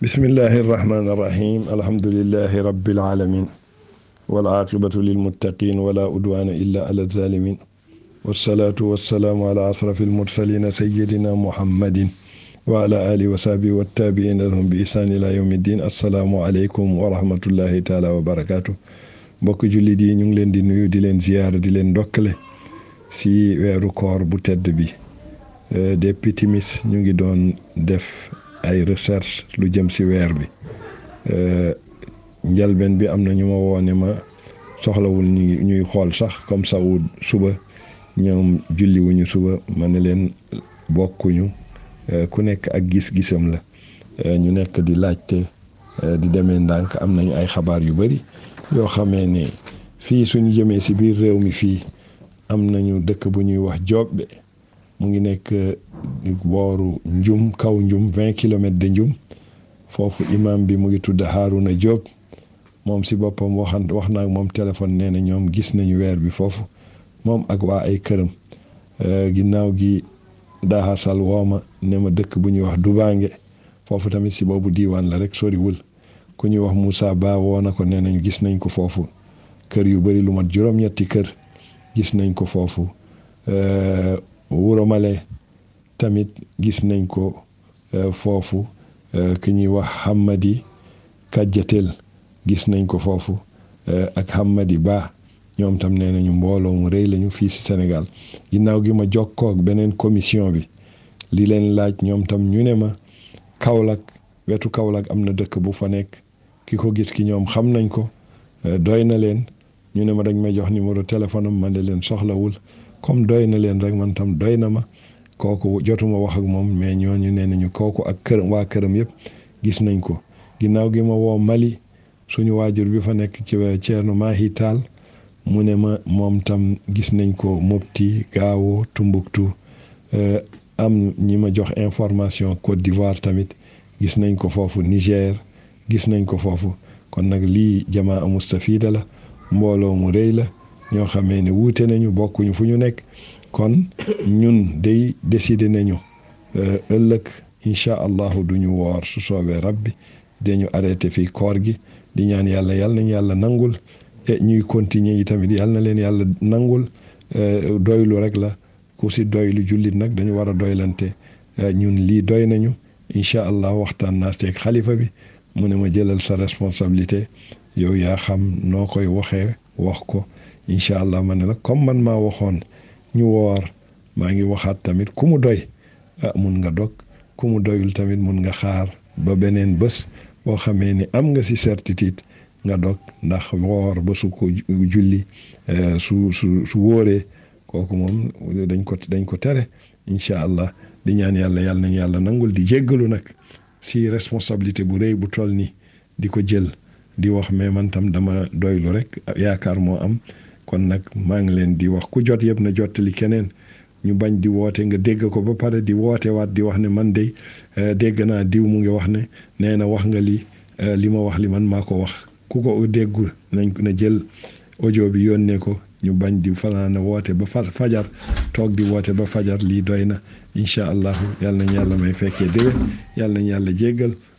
bismillahi irrahmani irrahim alhamdulilahi rabilalamin walaqibatu lilmuttaqin wala udwana illa ala alzalimin walsalaatu walsalaamu ala asrafi almursalina sayidina muhammadin wa ala alihi wa sahbihi wattabiina lahum bi ihsaan ila yawmi ddin assalaamu aleykum wa rahmatullahi taala wa barakatuh mbokk jullit yi ñu ngi leen di nuyu di leen ziyaara di leen ndokkale si weeru koor bu tedd bi euh, depuis timis ñu ngi doon def ay recherche lu jëm si weer bi euh, njëlbeen bi am na ñu ma woo ma soxlawul ñuy xool sax comme sawu suba ñoom julliwuñu suba ma ni leen bokkuñu euh, ku nekk ak gis-gisam la euh, ñu nekk di laajte di demee ndànk am nañu ay xabaar yu bari yoo xamee ne fii suñu jëmee si biir réew mi fii am nañu dëkk bu ñuy wax Diobé mu ngi nekk booru njum kaw njum vingt kilomètres de njum foofu imam bi mu ngi tudd Haruna Diop moom si boppam waxan wax naa moom téléphone nee na ñoom gis nañu weer bi foofu moom ak waa ay këram euh, ginnaaw gi daaxa sal wooma ne ma dëkk bu ñuy wax Dubaange foofu tamit si boobu diwaan la rek soriwul ku ñuy wax Moussa Ba woo na ko nee nañu gis nañ ko foofu kër yu bëri lu mat juróom-ñetti kër gis nañ ko foofu euh, Wuromale tamit gis nañ ko euh, foofu euh, ki ñuy wax Hamadi Kajjatel gis nañ ko foofu euh, ak Hamadi Ba ñoom tam nee nañu mbooloo mu rëy lañu fii si Sénégal ginnaaw gi ma jokkoo kook beneen commission bi li leen laaj ñoom tam ñu ne ma Kaolack wetu Kaolack am na dëkk bu fa nekk ki ko gis ki ñoom xam nañ ko doy na leen ñu ne ma dañ may jox numéro téléphone am man de leen soxlawul comme doy na leen rek man tam doy na ma. kooku jotuma wax ak moom mais ñu ne nañu kooku ak këram waa këram yëpp gis nañ ko ginnaaw gi ma woo Mali suñu waajur bi fa nekk ci Ceerno Mahi Tall mu ne ma moom tam gis nañ ko Mopti Gao Tumbuktu eh, am ñi ma jox information Côte d'Ivoire tamit gis nañ ko foofu Niger gis nañ ko foofu kon nag lii jamaa mustafida la mbooloo mu rëy la ñoo xamee ne wuute nañu bokkuñu fu ñu nekk kon ñun day décidé nañu euh, ëllëg incha allahu duñu woor su soobee rabbi dañu arrêté fii koor gi di ñaan yàlla yàlla nañu yàlla nangul e ñuy continuer yi tamit yàlla na leen yàlla nangul euh, doylu rek la ku si doylu jullit nag dañu war a doylante euh, ñun lii doy nañu incha allah waxtaan naa seeg xalifa bi mu ne ma jëlal sa responsabilité yow yaa xam noo koy waxee wax ko incha allah ma ne nag comme man maa waxoon ñu woor maa ngi waxaat tamit ku mu doy ah, mun nga dog ku mu doyul tamit mun nga xaar ba beneen bës boo xamee ni am nga si certitude nga dog ndax woor ba su ko julli eh, su su su wóoree kooku moom dañ ko dañ ko tere incha allah di ñaan yàlla yàlla nañ yàlla nangul di jéggalu nag si responsabilité bu rëy bu toll ni di ko jël di wax mais man tam dama doylu rek yaakaar moo am kon nag maa ngi leen di wax ku jot yëpp na jottali keneen ñu bañ di woote nga dégg ko ba pare di woote waat di wax ne man de eh, dégg naa diw mu ngi wax ne nee na wax nga li eh, li ma wax li man maa ko wax ku ko déggu nañ na jël audio bi yónnee ko ñu bañ di fanaana woote ba fajar toog di woote ba fajar lii doy na incha allahu yàlla nañ yàlla may fekkee déwén yàlla nañ yàlla jéggal